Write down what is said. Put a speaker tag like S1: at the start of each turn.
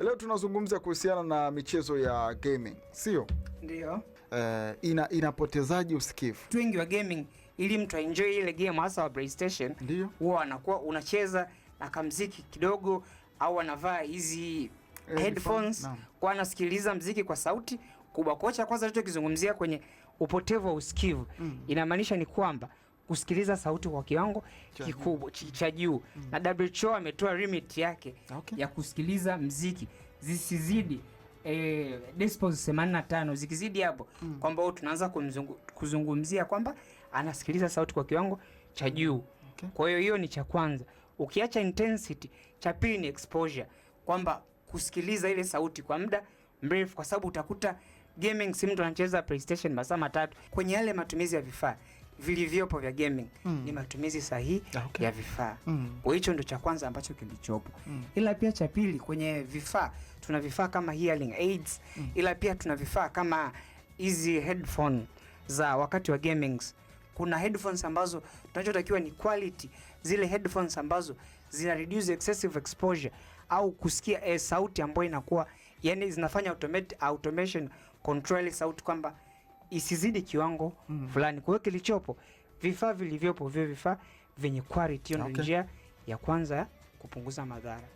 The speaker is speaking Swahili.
S1: Leo tunazungumza kuhusiana na michezo ya gaming, sio ndio? Uh, ina inapotezaji usikivu.
S2: wengi wa gaming ili mtu aenjoy ile game hasa wa PlayStation ndio huwa anakuwa unacheza na kamziki kidogo, au anavaa hizi eh, headphones no. kwa anasikiliza mziki kwa sauti kubwa. Kocha kwanza alichokizungumzia kwenye upotevu wa usikivu mm. inamaanisha ni kwamba kusikiliza sauti kwa kiwango kikubwa cha mm. juu mm. na WHO ametoa limit yake okay. ya kusikiliza mziki zisizidi eh, decibels 85. Zikizidi hapo mm. kwamba tunaanza kuzungumzia kwamba anasikiliza sauti kwa kiwango cha mm. juu okay. kwa hiyo hiyo ni cha kwanza, ukiacha intensity. Cha pili ni exposure, kwamba kusikiliza ile sauti kwa muda mrefu, kwa sababu utakuta gaming, si mtu anacheza PlayStation masaa matatu kwenye yale matumizi ya vifaa vilivyopo vya gaming mm. ni matumizi sahihi ah, okay. ya vifaa mm. kwa hicho ndo cha kwanza ambacho kilichopo mm. ila pia cha pili kwenye vifaa tuna vifaa kama hearing aids mm. ila pia tuna vifaa kama hizi headphone za wakati wa gamings kuna headphones ambazo tunachotakiwa ni quality, zile headphones ambazo zina reduce excessive exposure au kusikia eh, sauti ambayo inakuwa yani zinafanya automate, automation control sauti kwamba isizidi kiwango mm. fulani. Kwa hiyo kilichopo, vifaa vilivyopo vio vifaa vyenye quality. Hiyo ndio okay. njia ya kwanza kupunguza madhara.